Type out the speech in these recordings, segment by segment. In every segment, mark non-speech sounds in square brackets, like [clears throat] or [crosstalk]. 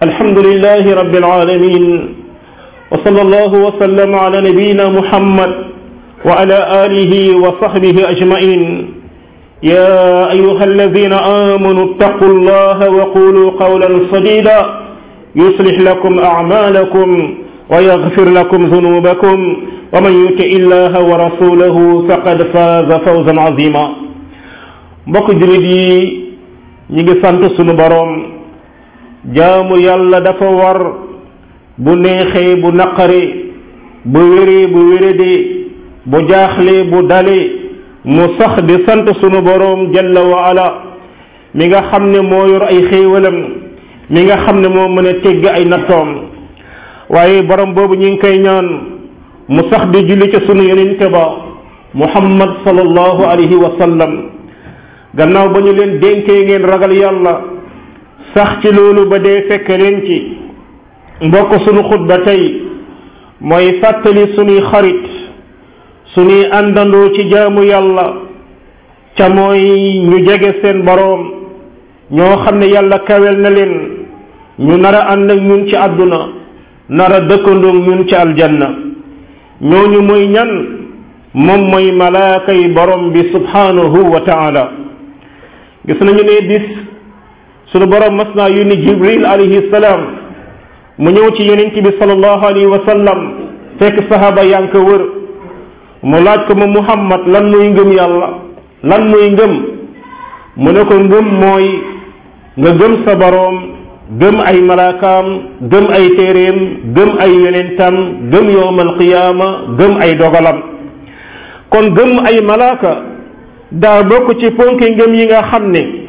alhamdulilahi rabbil alamin wa sallallahu wa sallam ala nabiyyina muhammad wa ala alihi wa sahbihi ajmain ya ayyuha alladhina amanu ittaqullaha wa qulu qawlan sadida yuslih lakum a'malakum wa yaghfir lakum dhunubakum wa man yuti illaha wa rasulahu faqad faza fawzan azima mbokk jullit yi ñu ngi sant sunu boroom jaamu yàlla dafa war bu neexee bu naqari bu wéree bu wéradi bu jaaxle bu dali mu sax di sant sunu boroom jalla wa ala mi nga xam ne moo yor ay xéewalam mi nga xam ne moo mën a tegg ay nattoom waaye borom boobu ñu ngi koy ñaan mu sax di julli ca sunu yonente ba muhammad sallallahu alayhi wa gannaaw ba ñu leen dénkee ngeen ragal yàlla sax ci loolu ba dee fekk leen ci mbokk sunu xutba tey mooy fàttali suñuy xarit suñuy àndandoo ci jaamu yàlla ca mooy ñu jege seen boroom ñoo xam ne yàlla kawel na leen ñu nar a ànd ak ñun ci àdduna nara a dëkkandoo ñun ci aljanna ñooñu mooy ñan moom mooy malaaka yi borom bi subhanahu wa taala gis nañu ne bis sunu borom mas naa yónni jibril alayhi salaam mu ñëw ci yonent bi sallallahu alayhi wa sallam fekk sahaaba yaa ngi ko wër mu laaj ko ma muhammad lan muy ngëm yàlla lan muy ngëm mu ne ko ngëm mooy nga gëm sa boroom gëm ay malaakaam gëm ay téeréem gëm ay yonentam gëm yowmal qiyaama gëm ay dogalam kon gëm ay malaaka daa ko ci ponki ngëm yi nga xam ne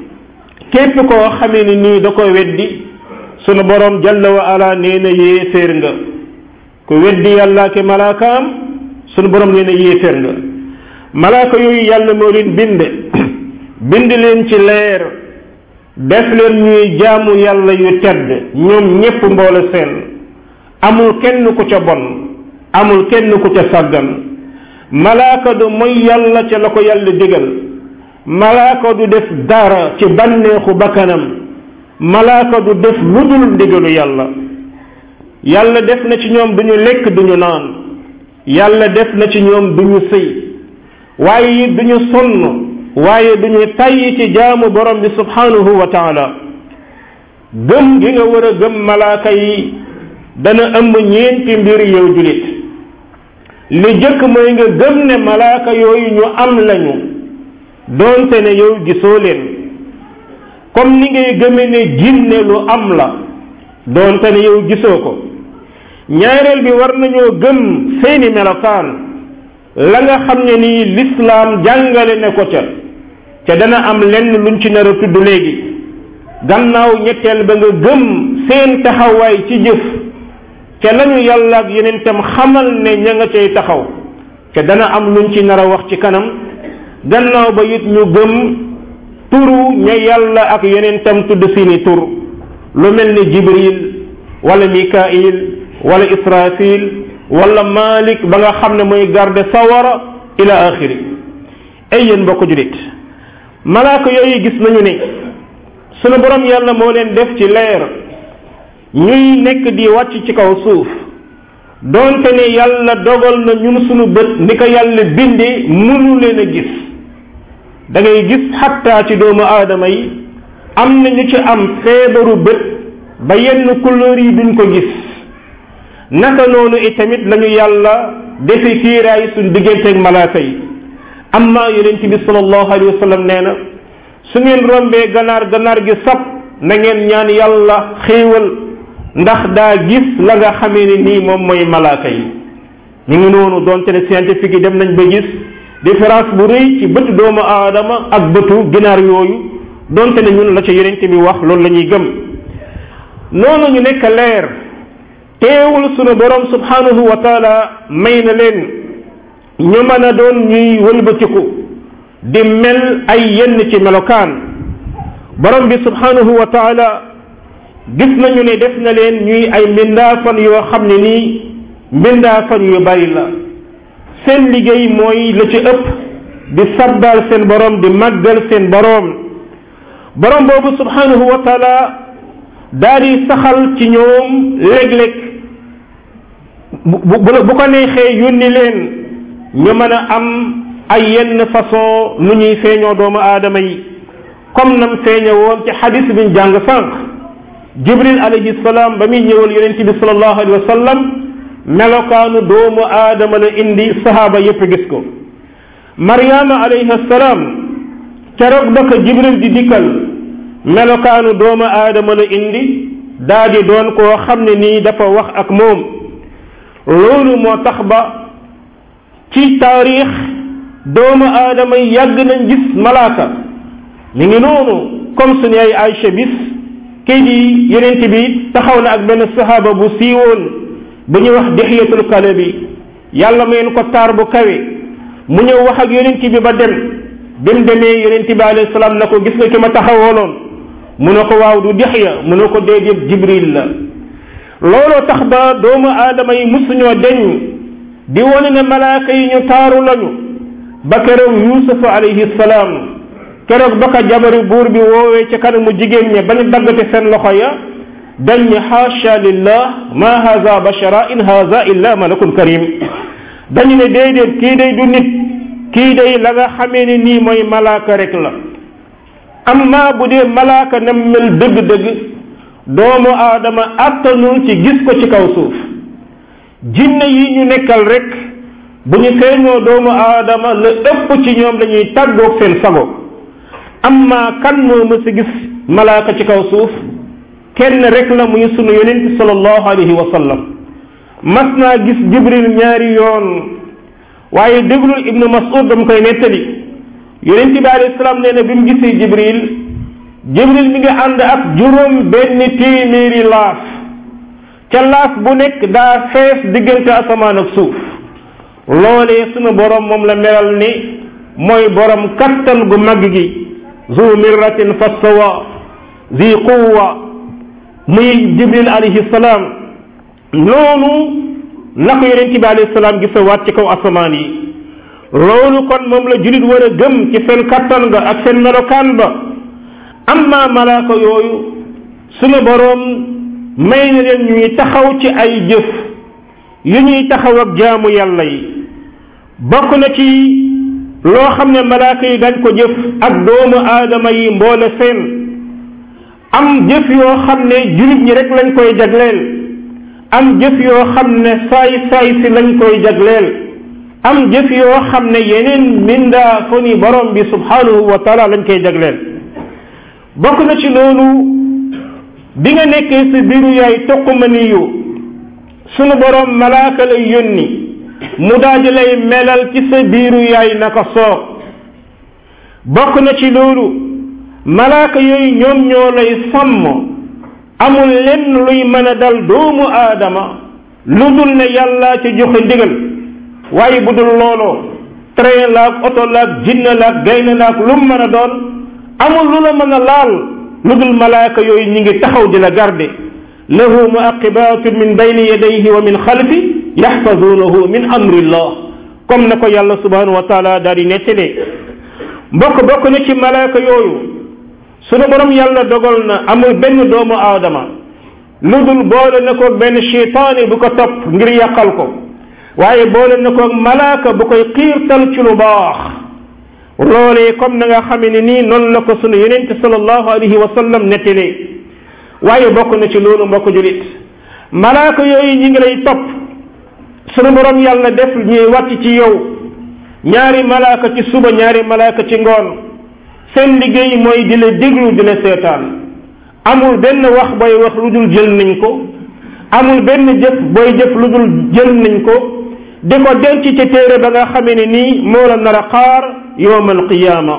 képp koo xamee ni nii da ko weddi sunu borom jalla wa ala nee na yéeféer nga ku weddi yàlla ki malaakaam sunu borom nee na yéeféer nga malaaka yooyu yàlla moo leen bind [clears throat] bind leen ci leer def leen ñuy jaamu yàlla yu tedd ñoom ñépp mboole seen amul kenn ku ca bon amul kenn ku ca sàggan malaaka du mooy yàlla ca la ko yàlla digal malaaka du def daara ci bànneexu bakkanam malaaka du def lu dul ndigalu yàlla yàlla def na ci ñoom duñu lekk duñu naan yàlla def na ci ñoom duñu sëy waaye it duñu sonn waaye duñu tàyyi ci jaamu borom bi subhanahu wa taala gëm gi nga war a gëm malaaka yi dana ëmb ñeenti mbir yow julit li jëkk mooy nga gëm ne malaaka yooyu ñu am lañu doonte ne yow gisoo leen comme ni ngay gëme ne jinne lu am la doonte ne yow gisoo ko ñaareel bi war nañoo gëm seeni melokaan la nga xam ne nii lislaam jàngale ne ko ca te dana am lenn luñ ci nara a tudd léegi gannaaw ñetteel ba nga gëm seen taxawaay ci jëf ca lañu yàlla ak yeneen xamal ne ña nga cay taxaw te dana am luñ ci nara wax ci kanam gannaaw ba it ñu gëm turu ña yàlla ak yeneen yonentam tudd seeni tur lu mel ni jibril wala mikail wala israfil wala malik ba nga xam ne mooy garde sawara ila axiri ay yéen mbokk julit malaaka yooyu gis nañu ne sunu borom yàlla moo leen def ci leer ñuy nekk di wàcc ci kaw suuf donte ne yàlla dogal na ñun suñu bët ni ko yàlla bindee ñu leen a gis dangay ngay gis xattaa ci doomu aadama yi am na ñu ci am feebaru bët ba yenn couleur yi duñ ko gis naka noonu itamit lañu yàlla defi kiiraay suñ digganteeg malaaka yi amma yonent bi sallallahu alayhi wa nee na su ngeen rombee ganaar ganaar gi sab na ngeen ñaan yàlla xéewal ndax daa gis la nga xamee ni nii moom mooy malaaka yi ñu ngi noonu donte ne scientifique yi dem nañ ba gis différence bu rëy ci bëtu doomu aadama ak bëtu ginaar yooyu donte ne ñun la ca te bi wax loolu la ñuy gëm noonu ñu nekk leer teewul sunu borom subhanahu wa taala may na leen ñu mën a doon ñuy wëlbatiku di mel ay yenn ci melokaan borom bi subhanahu wa gis nañu ne def na leen ñuy ay mbindaafan yoo xam ne nii mbindaafan yu bari la seen liggéey mooy la ci ëpp di sabbal seen boroom di màggal seen boroom borom boobu subhanahu wa taala daal di saxal ci ñoom léeg-léeg bu bu bu ko neexee yónni leen ñu mën a am ay yenn façon lu ñuy seeñoo doomu aadama yi comme nam feeñe woon ci xadis biñ jàng sànq jibril alayhi salaam ba muy ñëwal yonent bi sallallahu alayhi wa sallam melokaanu doomu aadama la indi sahaaba yépp gis ko mariama alayhi salaam keroog ba ko jibril di dikkal melokaanu doomu aadama la indi daa di doon koo xam ne nii dafa wax ak moom loolu moo tax ba ci taarix doomu aadama yi yàgg nañ gis malaaka mi ngi noonu comme suñu ay Aysa tey jii yonent bi taxaw na ak benn sahaaba bu siiwoon bu ñu wax dixiyatul bi yàlla mayoon ko taar bu kawe mu ñëw wax ak yonent bi ba dem bi mu demee yonent bi alayhi salaam na ko gis nga ki ma taxawooloon mu ne ko waaw du dixiya mu ne ko déedéet jibril la looloo tax ba doomu aadama yi musuñoo deñ di wone ne malaaka yi ñu taaru lañu ba keroog yuusufa alayhi keroog ba ko jabaru buur bi woowee ci kanamu jigéen ña ba ñu daggate seen loxo ya dañ ne xaasha lillah ma haza bashara in haza illa malakun karim dañu ne déedéet kii day du nit kii day la nga xamee ne nii mooy malaaka rek la amma bu dee malaaka nam mel dëgg-dëgg doomu aadama àttanul ci gis ko ci kaw suuf jinne yi ñu nekkal rekk bu ñu xeeñoo doomu aadama la ëpp ci ñoom lañuy tàggoog seen sago amma kan moo mës gis malaaka ci kaw suuf kenn rek la muy sunu yonent sallallahu alayhi wa sallam mas naa gis jibril ñaari yoon waaye déglul ibnu mas'ud dama koy nettali yonent bi alayhi salaam nee na bi mu gisee jibril jibril mi ngi ànd ak juróom benn téeméeri laaf ca laaf bu nekk daa fees diggante asamaan ak suuf loolee sunu borom moom la melal ni mooy borom kattan gu mag gi zu mirratin fastawa zi quwa muy jibril alayhi salaam loolu la ko yonent bi alayhi salaam gisawaat ci kaw asamaan yi loolu kon moom la julit war a gëm ci seen kattan ga ak seen melokaan ba amma malaaka yooyu sunu boroom may na leen ñuy taxaw ci ay jëf yu ñuy taxaw ak jaamu yàlla yi na ci loo xam ne malaaka yi dañ ko jëf ak doomu aadama yi mboole seen am jëf yoo xam ne jullit ñi rek lañ koy jagleel am jëf yoo xam ne saay saay si lañ koy jagleel am jëf yoo xam ne yeneen mbindaa fo ni borom bi subhanahu wa lañ koy jagleel bokk na ci loolu bi nga nekkee sa biiru yaay toq maniyu sunu borom malaaka lay yónni mu daadi lay melal ci sa biiru yaay naka soox bokk na ci loolu malaak yooyu ñoom ñoo lay sàmm amul lenn luy mën dal doomu aadama lu dul ne yàllaa ci joxe ndigal waaye bu dul looloo train laag oto laag jinne laag gaynde laag lu mu a doon amul lu la mën laal lu dul malaaka yooyu ñi ngi taxaw di la garde lahu muaqibatun min bayni yadayhi wa min xalfi yaxfazunahu min amrillah comme na ko yàlla subhanahu wa taala daal di nettalee mbokk bokk na ci malaaka yooyu sunu borom yàlla dogal na amul benn doomu aadama lu dul boole na ko benn cheytaani bu ko topp ngir yàqal ko waaye boole na ko malaaka bu koy xiirtal ci lu baax loolee comme na nga xamee ne nii noonu la ko sunu yonente sallallahu alayhi wa sallam nettalee waaye bokk na ci loolu mbokk julit malaaka yooyu ñi ngi lay sunu borom yàlla def ñuy wàcc ci yow ñaari malaaka ci suba ñaari malaaka ci ngoon seen liggéey mooy di la déglu di la seetaan amul benn wax booy wax lu dul jël nañ ko amul benn jëf booy jëf lu dul jël nañ ko di ko denc ci téere ba nga xamee ne nii moo la nar a xaar yowmal qiyaama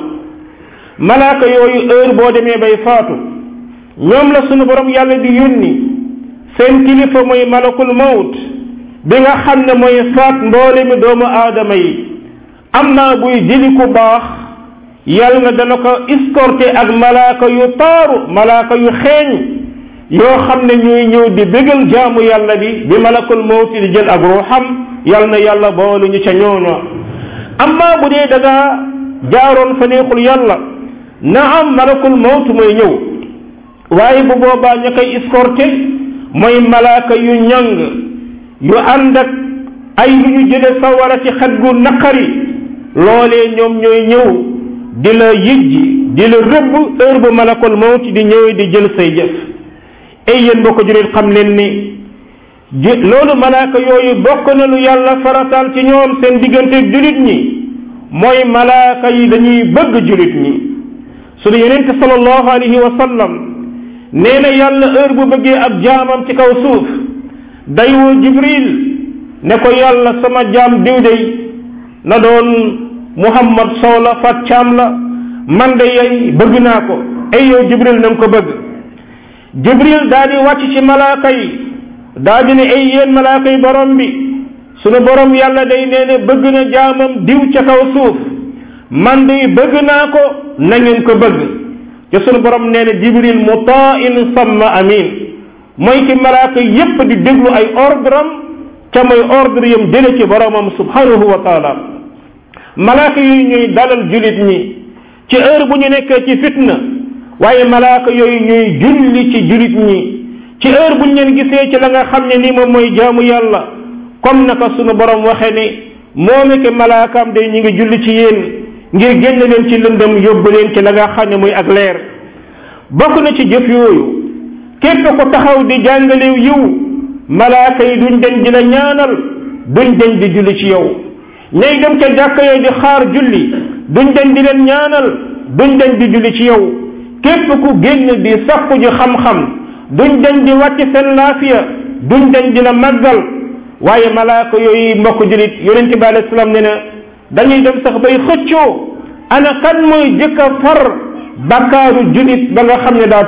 malaaka yooyu heure boo demee bay faatu ñoom la sunu borom yàlla di yónni seen kilifa mooy malakul mawt bi nga xam ne mooy faat mboolemi doomu aadama yi am naa buy jëli baax yàlla na dana ko escorter ak malaaka yu taaru malaaka yu xeeñ yoo xam ne ñuy ñëw di bégal jaamu yàlla bi bi malakul mawti di jël ak ruuxam yàlla na yàlla boolu ñu ca ñooñu amma bu dee dangaa jaaroon fa neexul yàlla naam malakul mawt mooy ñëw waaye bu boobaa ña koy escorter mooy malaaka yu ñàng yu ànd ak ay lu ñu jële sawara ci xet gu naqari loolee ñoom ñooy ñëw di la yëjji di la rëbb heure bu malakul mawt di ñëwee di jël say jëf ay yéen boo ko jurit xam leen ni ji loolu malaaka yooyu bokk na lu yàlla farataal ci ñoom seen diggante julit ñi mooy malaaka yi dañuy bëgg julit ñi su yonente sallallahu alayhi wa sallam nee na yàlla heure bu bëggee ab jaamam ci kaw suuf day woo jibril ne ko yàlla sama jaam diw dey na doon muhammad sow la fat caam la man de yey bëgg naa ko ay yow jibril na nga ko bëgg jibril daa di wàcc ci malaaka yi daa di ne ay yéen malaaka yi borom bi sunu borom yàlla day nee ne bëgg na jaamam diw ca kaw suuf man de bëgg naa ko na ngeen ko bëgg te sunu borom nee ne jibril mu taa in samma amin mooy ki malaaka yépp di déglu ay ordre am ca mooy ordre yam jële ci boromam subhanahu wa taala malaaka yooyu ñuy dalal jullit ñi ci heure bu ñu nekkee ci fitna waaye malaaka yooyu ñuy julli ci jullit ñi ci heure bu ñu leen gisee ci la nga xam ne ni moom mooy jaamu yàlla comme naka sunu borom waxe ni moo ke malaakaam day ñu ngi julli ci yéen ngir génn leen ci lëndëm yóbbu leen ci la nga xam ne muy ak leer bokk na ci jëf yooyu képp ku taxaw di jàngalew yiw malaaka yi duñ deñ di la ñaanal duñ deñ di julli ci yow ñay dem ca jàkka yooyu di xaar julli duñ deñ di leen ñaanal duñ deñ di julli ci yow képp ku génn di sakku ji xamxam xam duñ deñ di wàcc seen laafiya duñ deñ di la màggal waaye malaaka yooyu mbokk jullit yonente bi alei salaam ne na dañuy dem sax bay xëccoo ana kan mooy jëkk a far bakkaaru jullit ba nga xam ne daa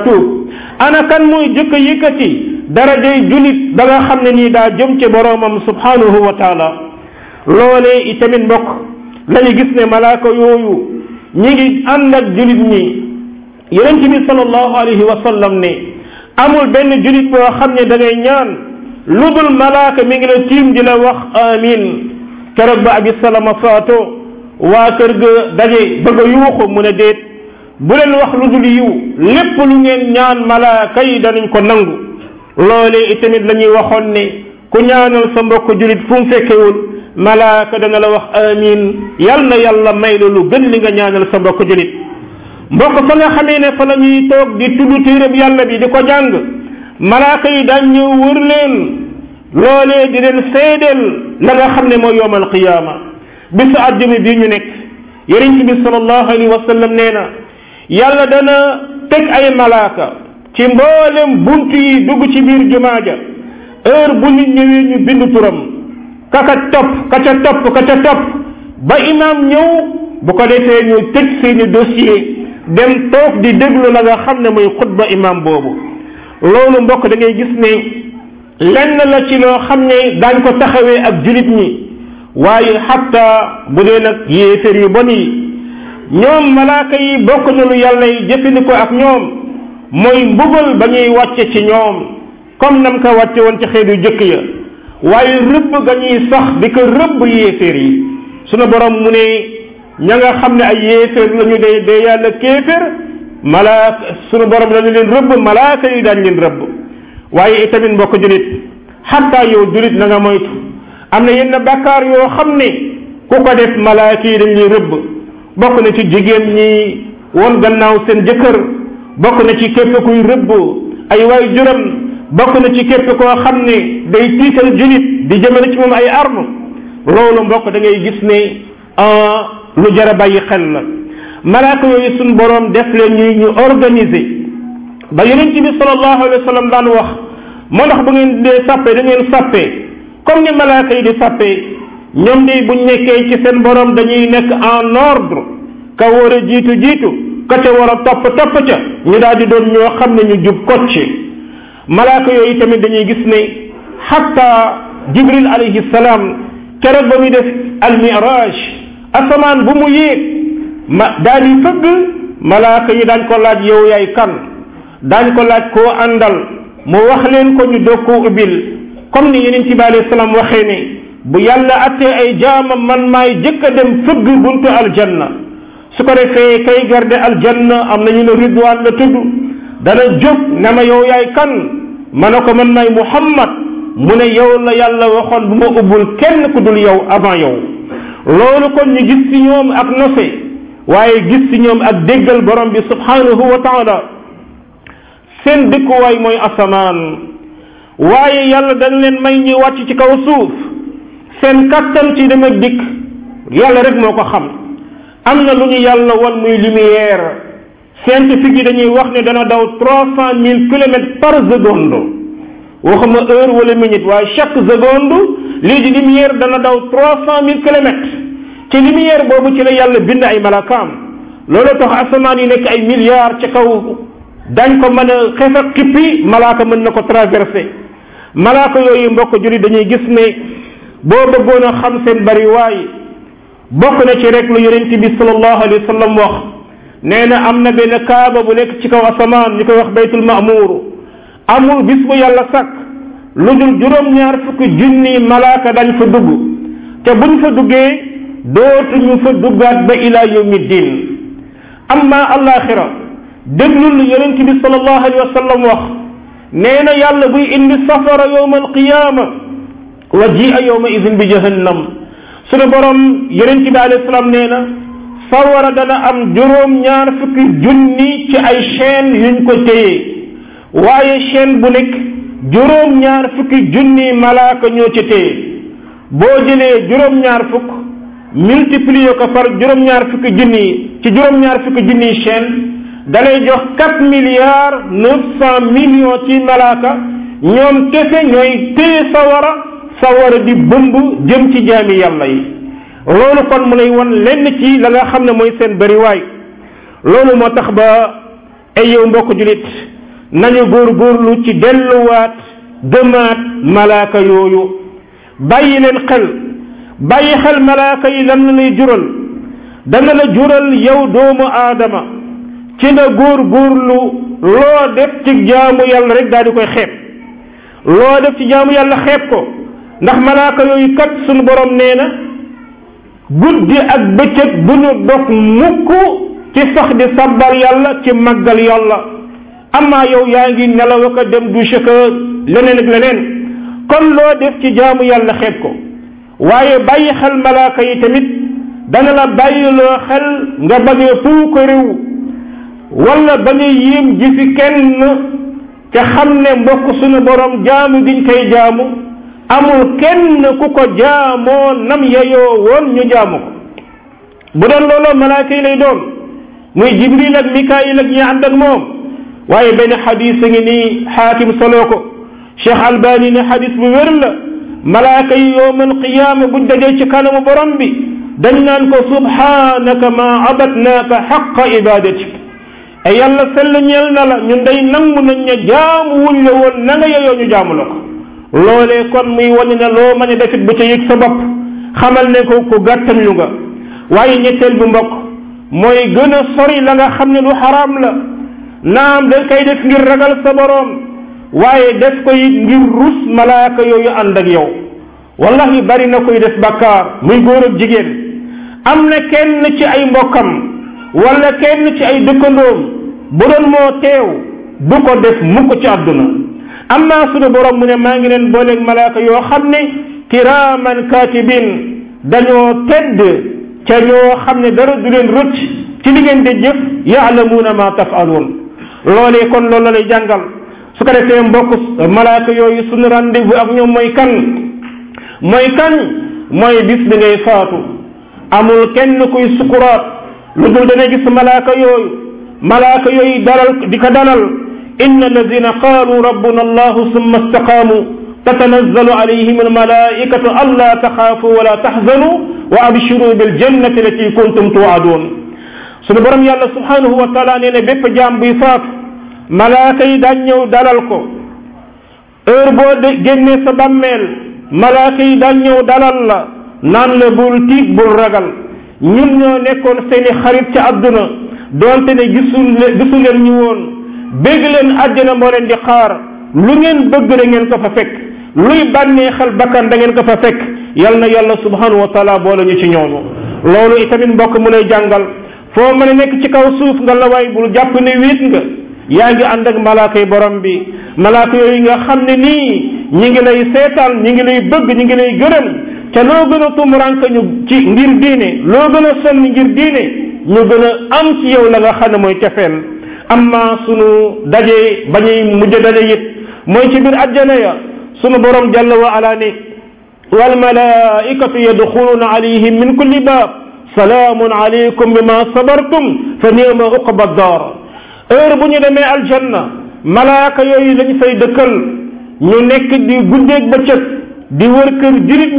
ana kan mooy jëkk a yëkkati darajay julit ba nga xam ne nii daa jëm cee boroomam subhanahu wa taala loolee itamit mbokk lañu gis ne malaaka yooyu ñi ngi ànd ak julit ñi yonent bi sallallahu alayhi wa sallam ne amul benn julit boo xam ne da ngay ñaan lu dul malaaka mi la tiim di la wax amin keroog ba abi salama faato waa kër ga daje a yuuxu mu ne déet bu leen wax lu dul yiw lépp lu ngeen ñaan malaaka yi danañ ko nangu loolee itamit la waxoon ne ku ñaanal sa mbokk julit fu mu fekkewul malaaka dana la wax amin yal na yàlla may la lu gën li nga ñaanal sa mbokk julit mbokk fa nga xamee ne fa la ñuy toog di tudd bi yàlla bi di ko jàng malaaka yi daan ñëw wër leen loolee di leen seedeel la nga xam ne mooy yowmal qiyaama bisu àjjuma bii ñu nekk yonent bi sallallahu alayhi wa nee na yàlla dana teg ay malaaka ci mboolem bunt yi dugg ci biir jumaa ja heure bu nit ñëwee ñu bind turam ka topp ka ca topp ka ca topp ba imaam ñëw bu ko defee ñu tëj seeni dossier dem toog di déglu la nga xam ne mooy xutba imaam boobu loolu mbokk da ngay gis ne lenn la ci loo xam ne daañ ko taxawee ak julit ñi waaye xatta bu dee nag yéefér yu bon yi ñoom malaaka yi bokkuñu lu yàlla yi ko ak ñoom mooy mbugal bañuy ñuy wàcce ci ñoom comme nam ko wàcce woon ci xeet yu jëkk ya waaye rëbb ga sax di ko rëbb yéeféer yi sunu borom mu ne ña nga xam ne ay yéeféer lañu ñu dee dee yàlla kéeféer malaaka sunu borom dañu leen rëbb malaaka yi daañ leen rëbb waaye itamit mbokk julit xatta yow julit na nga moytu am na yenn bàkkaar yoo xam ne ku ko def malaaka yi rëbb bokk na ci jigéen ñi woon gannaaw seen jëkkër bokk na ci képp kuy rëbb ay waay juram bokk na ci képp koo xam ne day tiital julit di jëmale ci moom ay arme loolu mbokk da ngay gis ne lu jar a bàyyi xel la malaaka yooyu suñ borom def leen ñu ñu organiser ba yonent bi sallallahu alayhi wa sallam daan wax moo nax bu ngeen dee sàppe da ngeen sàppe comme ni malaaka yi di sàppe ñoom di bu nekkee ci seen borom dañuy nekk en ordre ka a jiitu jiitu ka ca war a topp topp ca ñu daal di doon ñoo xam ne ñu jub kocc malaaka yooyu tamit dañuy gis ne xatta jibril alayhi salaam keroog ba muy def al asamaan bu mu yéeg ma daal di fëgg malaaka yi daañ ko laaj yow yaay kan daañ ko laaj ko àndal mu wax leen ko ñu doog koo ubbil comme ni yeneen ci bi alayhi salaam waxee ne bu yàlla attee ay jaamam man may jëkk a dem fëgg buntu aljanna su ko defee kay garde aljanna am nañu ne ridwaan la tudd dana jóg ne ma yow yaay kan ma ne ko man maay muhammad mu ne yow la yàlla waxoon bu ma ubbul kenn ku dul yow avant yow loolu kon ñu gis ci ñoom ak nose waaye gis ci ñoom ak déggal borom bi subhanahu wa taala seen dëkkuwaay mooy asamaan waaye yàlla dana leen may ñuy wàcc ci kaw suuf seen kàttan ci dem ak dikk yàlla rek moo ko xam am na lu ñu yàlla wan muy lumière scientifique yi dañuy wax ne dana daw trois cent mille kilomètres par seconde waxuma heure wala minute waaye chaque seconde lii di lumière dana daw trois cent mille kilomètres ci lumière boobu ci la yàlla bind ay malakaam loolu tax asamaan yi nekk ay milliards ci kaw dañ ko mën a xef xippi malaaka mën na ko traversé malaaka yooyu mbokk julli dañuy gis ne boo bëggoon a xam seen bari waay bokk na ci rek lu yonent bi sallallahu alayhi wax nee na am na benn kaaba bu nekk ci kaw asamaan ñu koy wax baytul maamur amul bis bu yàlla sàkk lu dul juróom-ñaar fukki junni malaaka dañ fa dugg te bu fa duggee dootuñu fa duggaat ba ila yawmi din amma alaxira déglul lu yonent bi sallallahu alayhi wa sallam wax nee na yàlla buy indi safara yawma alqiyama wa ji a yowma idin bi jahannam sunu borom yonent bi alayhi salaam nee na sawara dana am juróom-ñaar fukki junni ci ay chaîne yuñ ko téye waaye chaîne bu nekk juróom-ñaar fukki junni malaaka ñoo ci téye boo jëlee juróom-ñaar fukk ko par juróom-ñaar fukki ci juróom-ñaar fukki junni chaîne dalay jox quatre milliards neuf millions ci malaaka ñoom kese ñooy téye sawara sawara di bëmb jëm ci jaami yàlla yi loolu kon mu lay won lenn ci la nga xam ne mooy seen bariwaay loolu moo tax ba ay yow mbokk julit nañu góorgóorlu ci delluwaat gëmaat malaaka yooyu bàyyi leen xel bàyyi xel malaaka yi lan lay jural dana la jural yow doomu aadama ci góor góorgóorlu loo def ci jaamu yàlla rek daal di koy xeeb loo def ci jaamu yàlla xeeb ko ndax malaaka yooyu kat suñu borom nee na guddi ak bëccëg bu ñu dog mukk ci sax di sabbal yàlla ci màggal yàlla amaa yow yaa ngi nelaw ko dem du cheka leneen ak leneen kon loo def ci jaamu yàlla xeet ko waaye bàyyi xel malaaka yi tamit dana la bàyyi loo xel nga bañee fuu ko réew wala bañee yéem ji fi kenn te xam ne mbokk suñu borom jaamu giñ koy jaamu amul kenn ku ko jaamoo nam yeyoo woon ñu jaamu ko bu doon looloo malaaka yi lay doon muy jibril ak mikaayil ak ñi ànd ak moom waaye benn xadis a ngi nii xaakim soloo ko cheikh albani ne xadis bu wér la malaaka yi yowmal qiyaama buñ dajee ci kanamu borom bi dañ naan ko subhanaka ma abadnaaka xaqa ibadatik e yàlla sell ñeel na la ñun day nangu nañ jaamu wuñ la woon na nga yeyoo ñu jaamu la ko loolee kon muy wane ne loo mën a defit bu ca yëg sa bopp xamal ne ko ku gàttam lu nga waaye ñetteel bi mbokk mooy gën a sori la nga xam ne lu xaraam la naam da koy def ngir ragal sa waaye def ko it ngir rus malaaka yooyu ànd ak yow wallahi bari na koy def bàkkaar muy góor jigéen am na kenn ci ay mbokkam wala kenn ci ay dëkkandoom bu doon moo teew du ko def mukk ci àdduna am naa sunu borom mu ne maa ngi leen booleeg malaaka yoo xam ne kiraaman katibin dañoo tedd ca ñoo xam ne dara du leen rëcc ci li ngeen di jëf yaalamuuna ma tafaluun loolee kon loolu la jàngal su ko defee mbokk malaaka yooyu sunu rendez-vous ak ñoom mooy kan mooy kan mooy bis bi amul kenn kuy sukuraat lu dul dana gis malaaka yooyu malaaka yooyu dalal di ko dalal inna alladina qaalu rabbuna allahu summa istaqaamu tatanazzalu alayhim almalaikatu alla taxaafu wala taxzanu wa abshiru biljannati lati kuntum tuwaadun sunu borom yàlla subhanahu wa taala nee ne bépp jaam buy faatu malaaka yi daan ñëw dalal ko heure boo de génnee sa bàmmeel malaaka yi daan ñëw dalal la naan la bul tiit bul ragal ñun ñoo nekkoon seeni xarit ca àdduna doonte ne gisul leen gisu leen ñu woon bégg leen àjjana moo leen di xaar lu ngeen bëgg da ngeen ko fa fekk luy xel bakkan da ngeen ko fa fekk yal na yàlla subhanahu wa taala boole ñu ci ñooñu loolu itamit mbokk mu lay jàngal foo mën a nekk ci kaw suuf nga la waay bul jàpp ne wéet nga yaa ngi ànd ak malaaka yi borom bi malaaka yooyu nga xam ne nii ñu ngi lay seetaan ñi ngi lay bëgg ñi ngi lay gërëm te loo gën a tumuranke ñu ci ngir diine loo gën a sonn ngir diine ñu gën a am ci yow la nga xam ne mooy cofeel amma sunu daje ba ñuy mujj daje it mooy ci biir ajjana ya sunu borom jalla wa ala ne wal malaikatu yadxuluuna alayhim min kulli baab salaamun alaykum bima sabartum fa ni'ma uqba daar heure bu ñu demee aljanna malaaka yooyu lañ fay dëkkal ñu nekk di guddeeg bëccëg di wër kër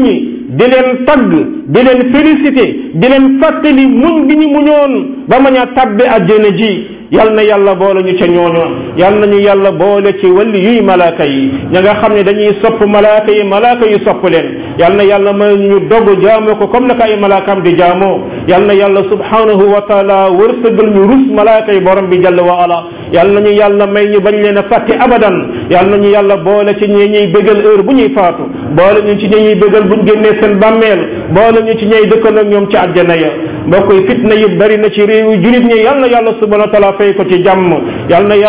ñi di leen tagg di leen félicité di leen fàttali muñ gi mu muñoon ba mañ a tabbi ajjana ji yal na yàlla boole ñu ca ñooñu yal nañu yàlla boole ci wàlli yuy malaaka yi ña nga xam ne dañuy sopp malaaka yi malaaka yi sopp leen yal na yàlla may ñu dogu jaamoo ko comme naka ay malaakaam di jaamoo yal na yàlla subhanahu wa taala wërsëgal ñu rus malaaka yi borom bi jalla wa ala yal nañu yàlla may ñu bañ leen a fàtte abadan yal nañu yàlla boole ci ñi ñuy bëggal heure bu ñuy faatu boole ñu ci ñi ñuy bëggal buñ génnee seen bàmmeel boole ñu ci ñay dëkkoon ak ñoom ci àjjana ya mbokk yi fitna yi bari na ci réew yi julit ñi yal na yàlla subhanahu wa taala fay ko ci jàmm yal na